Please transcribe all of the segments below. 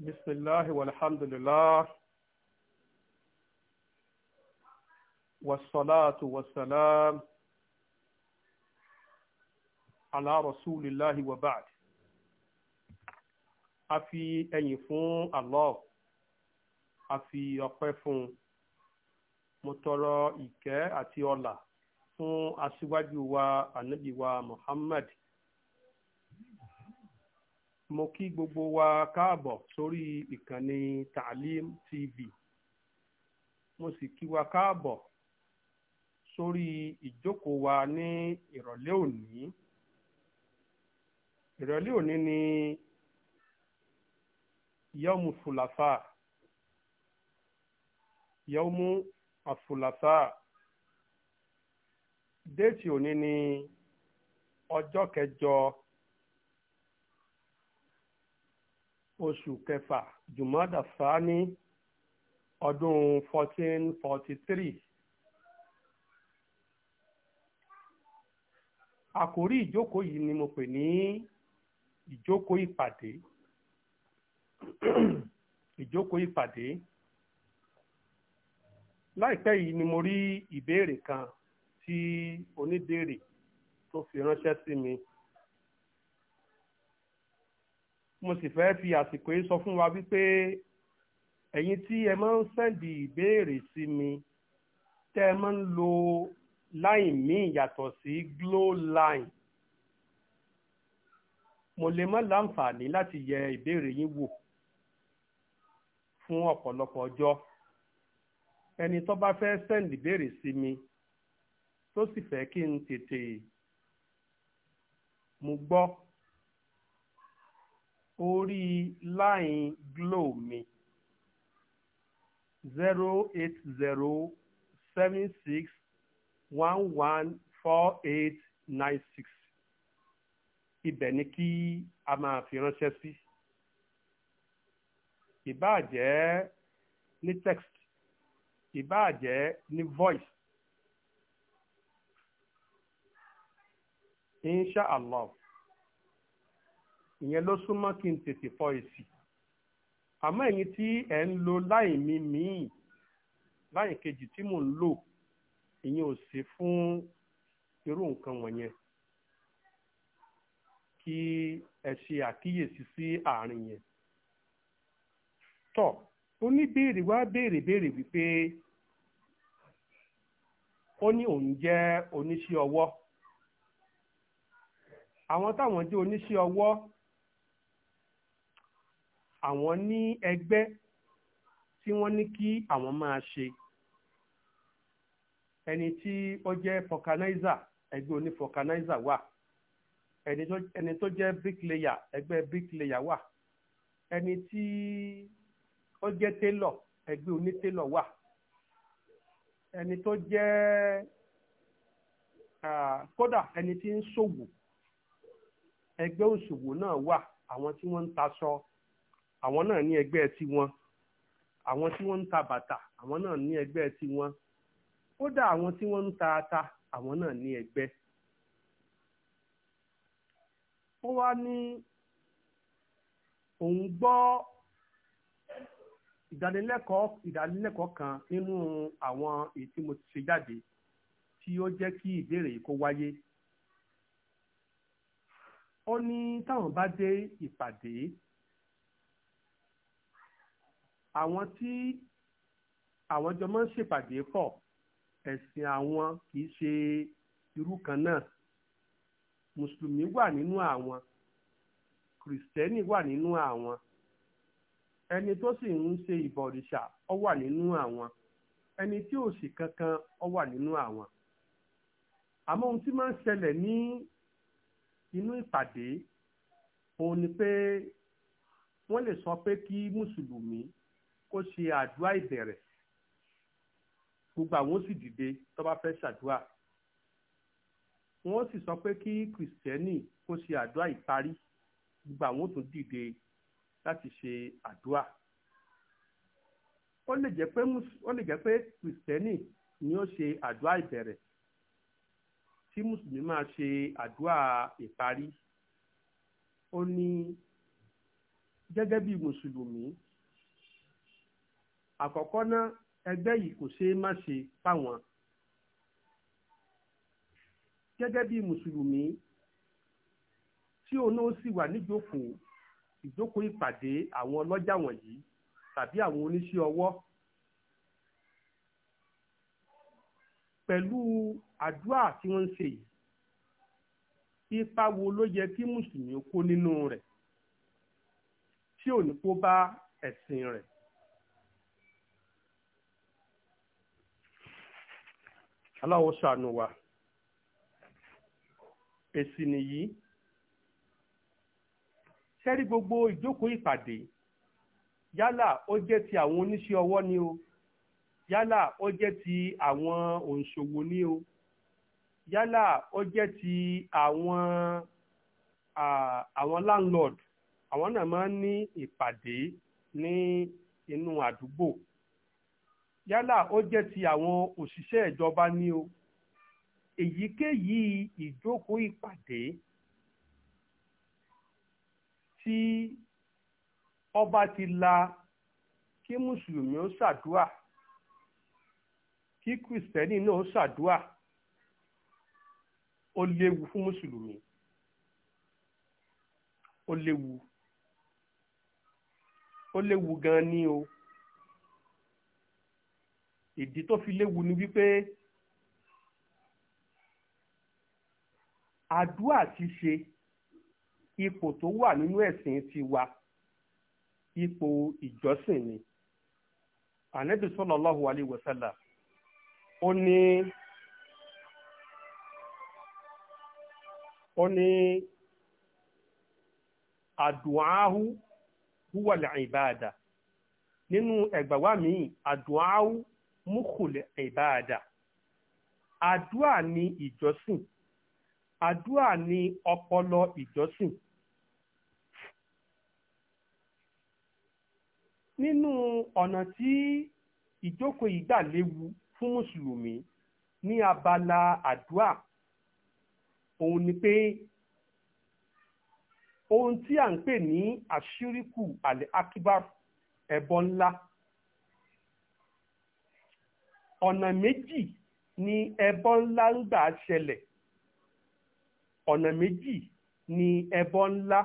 بسم الله والحمد لله والصلاة والسلام على رسول الله وبعد a fi ẹyìn fún Allah a fi ọpẹ́ fún mo tọrọ ìkẹ́ àti ọlà fún aṣíwájú wa ànábì wa Muhammad mo kí gbogbo wa káàbọ̀ sórí ìkànnì Taalim TV mo sì kí wa káàbọ̀ sórí ìjókòó wa ní ìrọ̀lẹ́ òní ìrọ̀lẹ́ òní ni yọ́mù fùlàfà yọ́mù àfùlàfà déètì òní ni ọjọ́ kẹjọ oṣù kẹfà jùmọ́dà sáni ọdún fourteen forty three. àkórí ìjókòó yìí ni mo pè ní ìjókòó ìpàdé ìjókòó ìpàdé láìpẹ́ yìí ni mo rí ìbéèrè kan tí oníbéèrè tó fi ránṣẹ́ sí mi. mo sì fẹ́ fi àsìkò yìí sọ fún wa wípé ẹ̀yin tí ẹ máa ń sẹ́ǹdì ìbéèrè sí mi tẹ́ ẹ máa ń lo line míì yàtọ̀ sí glow line mo lè má láǹfààní láti yẹ ìbéèrè yín wò fún ọ̀pọ̀lọpọ̀ ọjọ́ ẹni tó bá fẹ́ sẹ́ǹdì ìbéèrè sí mi tó sì fẹ́ kí n tètè mú gbọ́ orí line glo mi zero eight zero seven six one one four eight nine six ibẹ̀ ni kí a máa fi ránṣẹ́ sí ìbáà ní text ìbáà jẹ́ ní voice insha ìyẹn ló súnmọ́ kí n tètè fọ èsì àmọ́ ẹ̀yin tí ẹ̀ ń lo láì mi míì láì kejì tí mò ń lò ìyẹn ò sí fún irú nǹkan wọ̀nyẹn kí ẹ ṣe àkíyèsí sí àárín yẹn tọ oníbèrè wá béèrè béèrè wípé ó ní òun jẹ́ oníṣẹ́ ọwọ́ àwọn táwọn jẹ́ oníṣẹ́ ọwọ́ àwọn ní ẹgbẹ́ tí wọ́n ní kí àwọn máa ṣe ẹni tí ó jẹ́ fọkanáìzà ẹgbẹ́ onífọkanáìzà wà ẹni tó jẹ́ bricklayer ẹgbẹ́ bricklayer wà ẹni tí ó jẹ́ tailor ẹgbẹ́ onítélọ̀ wà ẹni tó jẹ́ kódà ẹni tí ń ṣòwò ẹgbẹ́ òṣòwò náà wà àwọn tí wọ́n ń taṣọ àwọn náà ní ẹgbẹ́ tiwọn àwọn tí wọ́n ń ta bàtà àwọn náà ní ẹgbẹ́ tiwọn kódà àwọn tí wọ́n ń ta ata àwọn náà ní ẹgbẹ́. wọ́n wá ní òun gbọ́ ìdánilẹ́kọ̀ọ́ ìdánilẹ́kọ̀ọ́ kan nínú àwọn èyí tí mo ti ṣe jáde tí ó jẹ́ kí ìbéèrè kó wáyé. ó ní táwọn bá dé ìpàdé àwọn tí àwọn jọ máa ń ṣèpàdé pọ̀ ẹ̀sìn àwọn kì í ṣe irú kan náà mùsùlùmí wà nínú àwọn kìrìsìtẹ́nì wà nínú àwọn ẹni tó sì ń ṣe ìbọ̀rìṣà ó wà nínú àwọn ẹni tí ò sì kankan ó wà nínú àwọn àmọ́ ohun tí máa ń ṣẹlẹ̀ ní inú ìpàdé òun ni pé wọ́n lè sọ pé kí mùsùlùmí kó ṣe àdúrà ìbẹ̀rẹ̀ gbogbo àwọn ó sì dìde tó bá fẹ́ ṣàdúrà wọ́n sì sọ pé kí kìrìsìtẹ́nì kó ṣe àdúrà ìparí gbogbo àwọn ó tún dìde láti ṣe àdúrà ó lè jẹ́ pé ó lè jẹ́ pé kìrìsìtẹ́nì ni ó ṣe àdúrà ìbẹ̀rẹ̀ tí mùsùlùmí máa ṣe àdúrà ìparí ó ní gẹ́gẹ́ bí mùsùlùmí àkọ́kọ́ ná ẹgbẹ́ yìí kò ṣeé má ṣe fáwọn gẹ́gẹ́ bí mùsùlùmí tí òun náà sì wà níjókòó ìjókòó ìpàdé àwọn ọlọ́jà wọ̀nyí tàbí àwọn oníṣẹ́ ọwọ́ pẹ̀lú àdúrà tí wọ́n ń ṣe yìí ipa wo ló yẹ kí mùsùlùmí kó nínú rẹ̀ tí ò ní kó bá ẹ̀sìn rẹ̀ Allah wa èsì nìyí sẹ́rí gbogbo ìjókòó ìpàdé yálà ó jẹ́ ti àwọn oníṣẹ́ ọwọ́ ni o yálà ó jẹ́ ti àwọn òǹṣòwò ni o yálà ó jẹ́ ti àwọn àwọn landlord àwọn náà máa ń ní ìpàdé ní inú àdúgbò yálà ó jẹ́ ti àwọn òṣìṣẹ́ ìjọba ní o èyíkéyìí ìjókòó ìpàdé tí ọba ti la kí mùsùlùmí ó ṣàdúà kí kìrìsìtẹ́nì náà ó ṣàdúà ó léwu fún mùsùlùmí ó léwu ó léwu gan ni o ìdí tó fi léwu ni wípé àdúà ti ṣe ipò tó wà nínú ẹ̀sìn tiwa ipò ìjọsìn ni ànábì sallallahu alaihi wasallam ó ní ó ní àdùáhù huwa al nínú ẹgbàwá míì àdùáhù múkùlẹ̀ ìbáadà adua ni ìjọsìn adua ni opolo ìjọsìn nínú ọ̀nà tí ìjókòó ìgbà léwu fún mùsùlùmí ní abala àdúà òun ni pé ohun tí à ń pè ní àṣíríkù àlẹ́ akíbar ẹ̀bọ ńlá ọ̀nà méjì ni ẹbọ ńlá ń gbà ṣẹlẹ̀ ọ̀nà méjì ni ẹbọ ńlá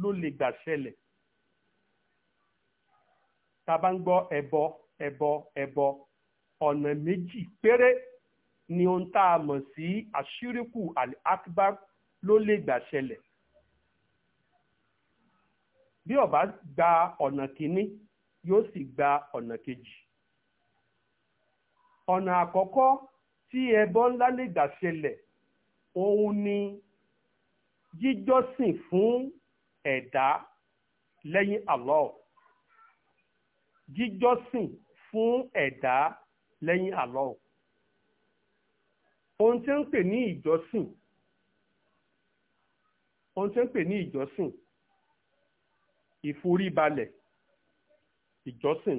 ló lè gbà ṣẹlẹ̀ tá a bá ń gbọ́ ẹbọ ẹbọ ẹbọ ọ̀nà méjì péré ni ohun tá a mọ̀ sí àṣírìkù al-akbar ló lè gbà ṣẹlẹ̀ bí ó gba ọ̀nà kìíní yóò sì gba ọ̀nà kejì. ọ̀nà àkọ́kọ́ tí ẹbọ ńlá lè gbà ṣẹlẹ̀ òun ni jíjọ́sìn fún ẹ̀dá lẹ́yìn Allah jíjọ́sìn fún ẹ̀dá lẹ́yìn ohun tí ń pè ní ìjọ́sìn ohun tí ń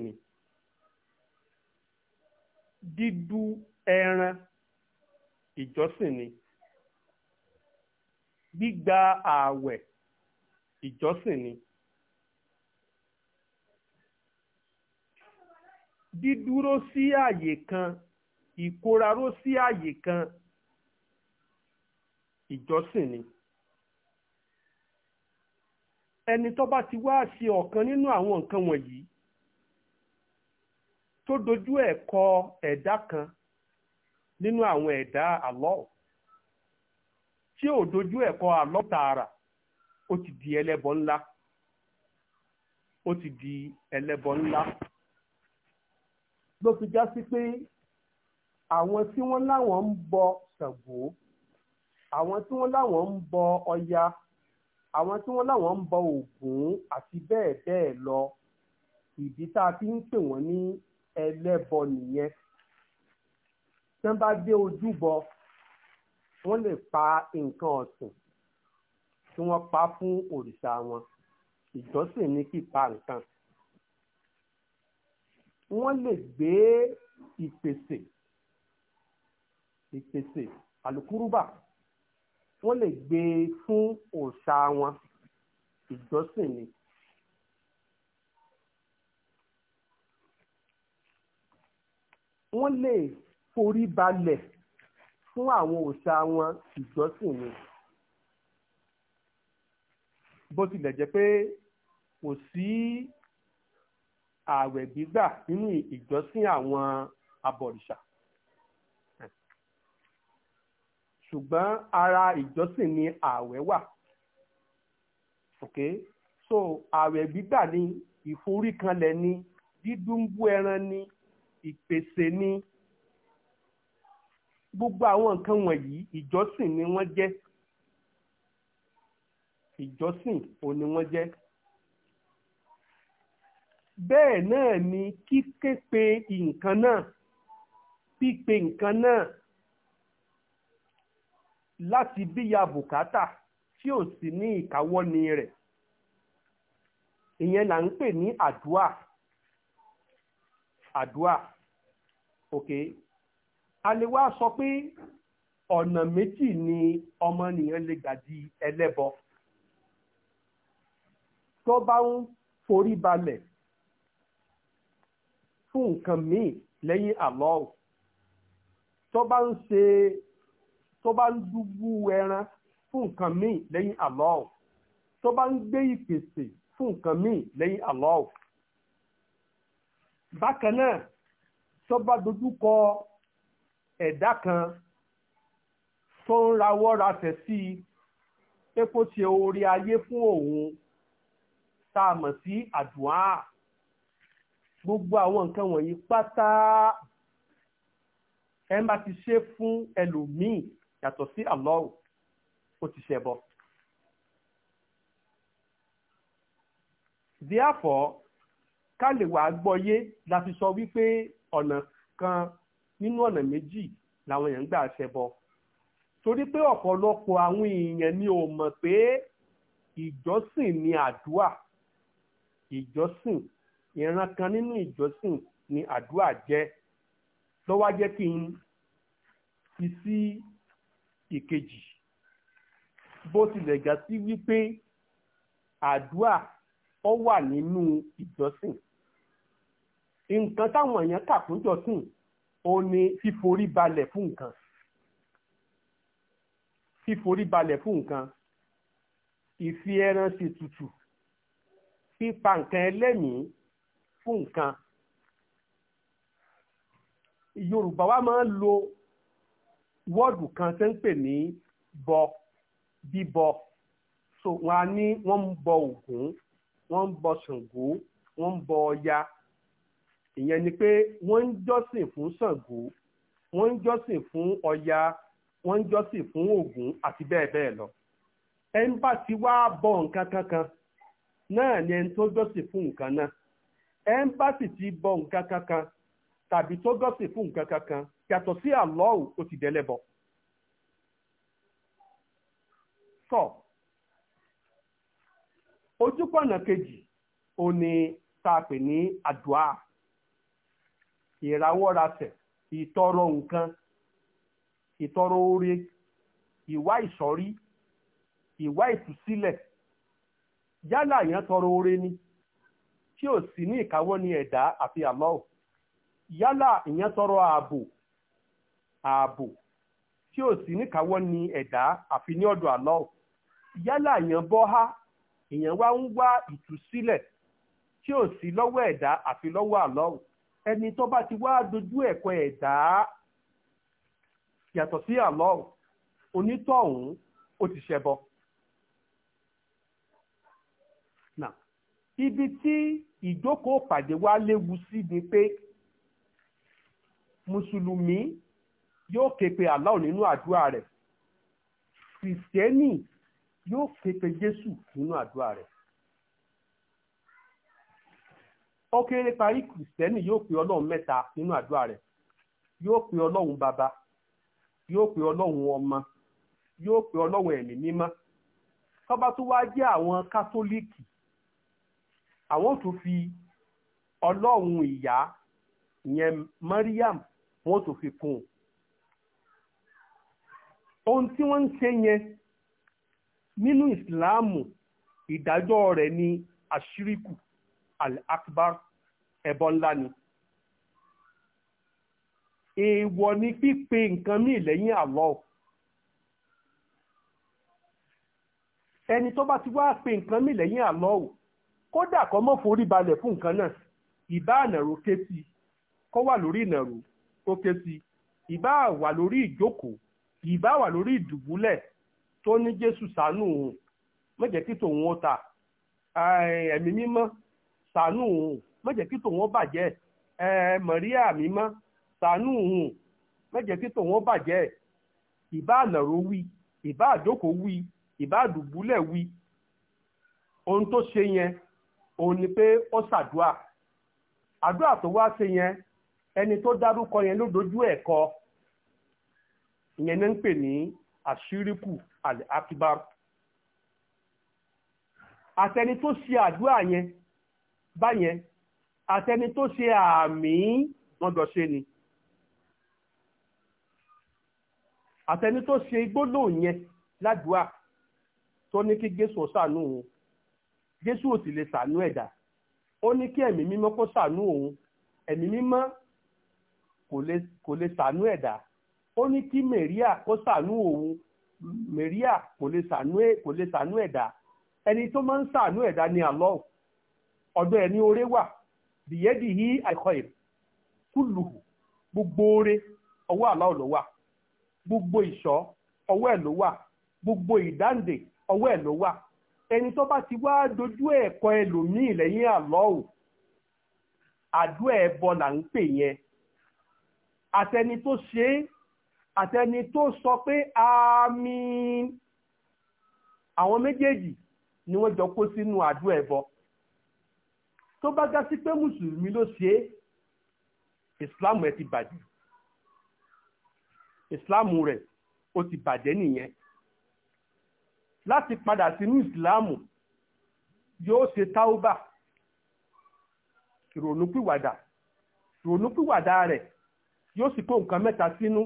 ni dídú ẹran ìjọsìn ni gbígba ààwẹ̀ ìjọsìn ni dídúró sí ààyè kan ìkóraró sí ààyè kan ìjọsìn ni ẹni tó bá ti wá ṣe ọ̀kan nínú àwọn nǹkan wọ̀nyí tó dojú ẹ̀ kọ ẹ̀dá kan nínú àwọn ẹ̀dá Allah tí ò dojú ẹ̀ kọ Allah tààrà ó ti di ẹlẹ́bọ ńlá ó ti di ẹlẹ́bọ ńlá ló fi já sí pé àwọn tí wọ́n láwọn ń bọ Ṣàngó àwọn tí wọ́n láwọn ń bọ Ọya àwọn tí wọ́n láwọn ń bọ Ògún àti bẹ́ẹ̀ bẹ́ẹ̀ lọ ìdí tá a fi ń pè wọ́n ní ẹlẹ́bọ nìyẹn tí wọ́n bá dé ojúbọ wọ́n lè pa nǹkan ọ̀sìn tí wọ́n pa fún òrìṣà wọn ìjọsìn ní pípa nǹkan wọ́n lè gbé ìpèsè ìpèsè àlùkùrúbà wọ́n lè gbé e fún òòṣà wọn ìjọsìn ní wọ́n lè forí balẹ̀ fún àwọn òòṣà wọn ìjọsìn ni bó tilẹ̀ jẹ́ pé kò sí ààwẹ̀ gbígbà nínú ìjọsìn àwọn abọ̀rìṣà ṣùgbọ́n ara ìjọsìn ni ààwẹ̀ wà Okay, so ààwẹ̀ gbígbà ni ìforíkanlẹ̀ ni dídúnbú ẹran ni ìpèsè ni gbogbo àwọn nǹkan wọ̀nyí ìjọsìn ni wọ́n jẹ́ ìjọsìn ò ní wọ́n jẹ́ bẹ́ẹ̀ náà ni kíké pe nǹkan náà pípe nǹkan náà láti bíya bùkátà tí ò sí ní ìkáwọ́ni rẹ̀ ìyẹn là ń pè ní àdúà. àdúà ok a lè wá sọ pé ọ̀nà méjì ni ọmọnìyàn lè gbà di ẹlẹ́bọ tó bá ń forí balẹ̀ fún nǹkan míì lẹ́yìn Allah tó bá ń ṣe tó bá ń dúbú ẹran fún nǹkan míì lẹ́yìn Allah tó bá ń gbé ìpèsè fún nǹkan míì lẹ́yìn Allah bákan náà tó bá dojú kọ ẹ̀dá kan tó ń rawọ́ rasẹ̀ sí i pé kó ṣe orí ayé fún òun tá a mọ̀ sí àdúà gbogbo àwọn nǹkan wọ̀nyí pátá ẹ má ti ṣe fún ẹlòmíì yàtọ̀ sí Allah ó ti ṣẹbọ. therefore ká lè wàá gbọ́yé la fi sọ wípé ọ̀nà kan nínú ọ̀nà méjì làwọn èèyàn ń gbà bọ torí pé ọ̀pọ̀lọpọ̀ àwọn èèyàn ni ò mọ̀ pé ìjọsìn ni àdúà ìjọsìn ìran kan nínú ìjọsìn ni àdúà jẹ́ lọ́wọ́ jẹ́ kí n fi sí ìkejì bó tilẹ̀ gà sí wípé àdúà ó wà nínú ìjọsìn. nǹkan táwọn èèyàn kà fún jọ́sìn ó ní fíforí balẹ̀ fún nǹkan fíforí balẹ̀ fún nǹkan ìfi ẹran ṣe tutù fífa nǹkan ẹlẹ́mìí fún nǹkan yorùbá wa máa ń lo wọ́ọ̀dù kan tó ń pè ní bọ bíbọ so wọn á ní wọ́n ń bọ ògún wọ́n ń bọ ṣàngó wọ́n ń bọ ọya ìyẹn ni pé wọ́n ń jọ́sìn fún Ṣàngó wọ́n ń fún Ọya wọ́n ń jọ́sìn fún Ògún àti bẹ́ẹ̀ bẹ́ẹ̀ lọ ẹnbàtí wá bọ nǹkan kankan náà ni ẹni tó jọ́sìn fún nǹkan náà ẹnbàtí ti bọ nǹkan kankan tàbí tó jọ́sìn fún nǹkan kankan yàtọ̀ sí àlọ́ọ̀ ó ti sọ a ìrawọ́rasẹ̀ ìtọrọ nǹkan ìtọrọ oore ìwá ìsọ̀rí ìwá ìtúsílẹ̀ yálà yẹn tọrọ oore ni tí ò sí ní ìkáwọ́ ni ẹ̀dá àfi àlọ́ọ̀ yálà ìyẹn tọrọ ààbò ààbò tí ò sí ní ìkáwọ́ ni ẹ̀dá àfi ní ọ̀dọ̀ yálà bọ́ há ìyẹn wá ń wá ìtúsílẹ̀ tí ẹni tó bá ti wá dojú ẹ̀kọ́ ẹ̀dá yàtọ̀ sí Allah onítọ̀hún ó ti ṣẹbọ. ibi tí ìjókòó pàdé wá léwu sí ni pé mùsùlùmí yóò képe Allah nínú àdúrà rẹ̀ kìrìsìtẹ́nì yóò képe Jésù nínú àdúrà rẹ̀ ó kéré parí kìrìsìtẹ́nì yóò pe ọlọ́run mẹ́ta nínú àdúrà rẹ̀ yóò pe ọlọ́run bàbá yóò pe ọlọ́run ọmọ yóò pe ọlọ́run ẹ̀mí mímọ́ tọ́ba tó wá jẹ́ àwọn kátólíìkì àwọn tó fi ọlọ́run ìyá yẹn Mariam wọn tó fi kún un ohun tí wọ́n ń ṣe yẹn nínú ìsìláàmù ìdájọ́ rẹ̀ ni àṣíríkù al-akbar ẹbọ ńlá ni èèwọ̀ ni pípe nǹkan míì lẹ́yìn Allah ẹni tó bá ti wá pe nǹkan míì lẹ́yìn Allah kódà kó mọ́ forí balẹ̀ fún nǹkan náà ìbá ànàrò ké sí kó wà lórí ìnàrò tó ké sí ìbá wà lórí ìjókòó ìbá wà lórí ìdùbúlẹ̀ tó ní Jésù ṣàánú òun mọ̀jẹ̀ kí tòun ó ta ẹ̀mí mímọ́ sànú òun má jẹ́ kí tòun bàjẹ́ ẹ mọ̀ríà mímọ́ sànú òun má jẹ́ kí tòun bàjẹ́ ìbá ànàró wí ìbá àdókò wí ìbá àdùbúlẹ̀ wí ohun tó ṣe yẹn òun ni pé ó ṣàdúà àdúà tó wá ṣe yẹn ẹni tó dárúkọ yẹn ló dojú ẹ̀ kọ ìyẹn ní ń pè ní àṣíríkù àlè akíbar àtẹni tó ṣe àdúà yẹn báyẹn àtẹni tó ṣe àmì wọ́n ṣe ni àtẹni tó ṣe gbólóhùn yẹn ládùúà tó ní kí Jésù ṣàánú òun Jésù ò sì lè ṣàánú ẹ̀dá ó ní kí ẹ̀mí mímọ́ kó ṣàánú òun ẹ̀mí mímọ́ kò lè ṣàánú ẹ̀dá ó ní kí kó ṣàánú òun kò lè ṣàánú ẹ̀dá ẹni tó máa ń ṣàánú ẹ̀dá ni ọdọ ẹni ní oore wà bìyẹ́dì yí al-khair kúlù gbogbo oore ọwọ́ Allah ló wà gbogbo ìṣọ́ ọwọ́ ẹ̀ ló wà gbogbo ìdáǹdè ọwọ́ ẹ̀ ló wà ẹni tó bá ti wá dojú ẹ̀kọ́ ẹlòmíì lẹ́yìn Allah àdúrà ẹ̀bọ là ń pè yẹn àtẹni tó ṣe é àtẹni tó sọ pé àmín àwọn méjèèjì ni wọ́n jọ kó sínú àdúrà tó bá já sí pé mùsùlùmí ló ṣe é ìsìláàmù ẹ ti bàjẹ́ ìsìláàmù rẹ̀ ó ti bàjẹ́ nìyẹn láti padà sínú ìsìláàmù yóò ṣe táúbà ìrònúpìwàdà ìrònúpìwàdà rẹ̀ yóò sì kó nǹkan mẹ́ta sínú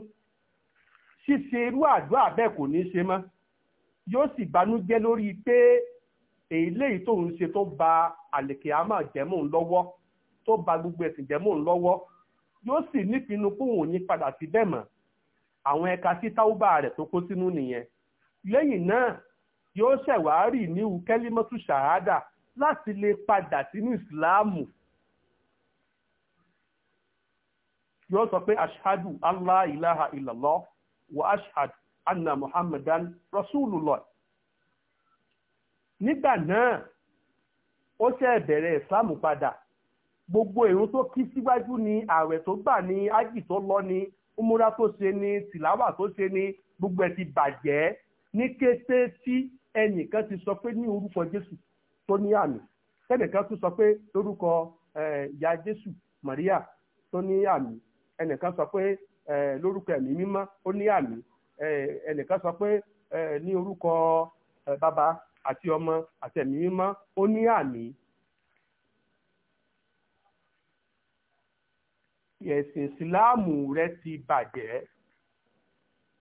ṣíṣe irú àdúrà bẹ́ẹ̀ kò ní ṣe mọ́ yóò sì banújẹ́ lórí pé eléyìí tó ń ṣe tó ba àlèkè àmà jẹ́mọ̀ lọ́wọ́ tó ba gbogbo ẹ̀sìn jẹ́mọ̀ lọ́wọ́ yóò sì nípinnu pé òun ní padà sí bẹ́ẹ̀ mọ́ àwọn ẹ̀ka sí táwùbà rẹ̀ tó kó sínú nìyẹn lẹ́yìn náà yóò ṣẹ̀wárì níhu kẹ́límọ́tù ṣàhádà láti lè padà sínú ìsìláàmù yóò sọ pé ashadu allah ilaha illallah wa ashadu anna muhammadan rasulullah nígbà náà ó ṣẹ̀ bẹ̀rẹ̀ islam padà gbogbo èrò tó kí síwájú ni ààwẹ̀ tó gbà ni ájì tó lọ ni umura tó ṣe ni tìláwà tó ṣe ni gbogbo ẹ̀ ti bàjẹ́ ní kété tí ẹnìkan ti sọ pé ní orúkọ jésù tó ní àmì ẹnìkan tún sọ pé orúkọ ìyá jésù maria tó ní àmì ẹnìkan sọ pé lórúkọ ẹ̀mí mímọ́ ó ní àmì ẹnìkan sọ pé ní orúkọ bàbá àti ọmọ àti ẹ̀mí mímọ́ ó ní àmì. ẹ̀sìn ìsìláàmù rẹ ti bàjẹ́.